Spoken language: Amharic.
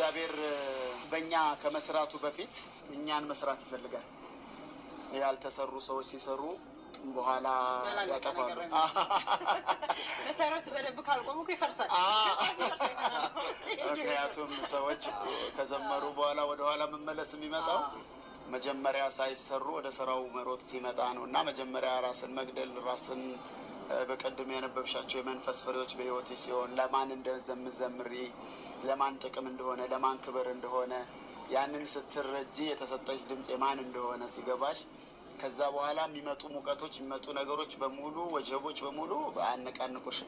እግዚአብሔር በእኛ ከመስራቱ በፊት እኛን መስራት ይፈልጋል። ያልተሰሩ ሰዎች ሲሰሩ በኋላ ያጠፋሉ። መሰረቱ በደንብ ካልቆሙ ይፈርሳል። ምክንያቱም ሰዎች ከዘመሩ በኋላ ወደኋላ መመለስ የሚመጣው መጀመሪያ ሳይሰሩ ወደ ስራው መሮጥ ሲመጣ ነው እና መጀመሪያ ራስን መግደል ራስን በቀድሞ ያነበብሻቸው የመንፈስ ፍሬዎች በህይወት ሲሆን ለማን እንደምዘምሪ ለማን ጥቅም እንደሆነ ለማን ክብር እንደሆነ ያንን ስትረጂ የተሰጠች ድምፅ የማን እንደሆነ ሲገባሽ ከዛ በኋላ የሚመጡ ሙቀቶች የሚመጡ ነገሮች በሙሉ ወጀቦች በሙሉ አያነቃንቁሽ።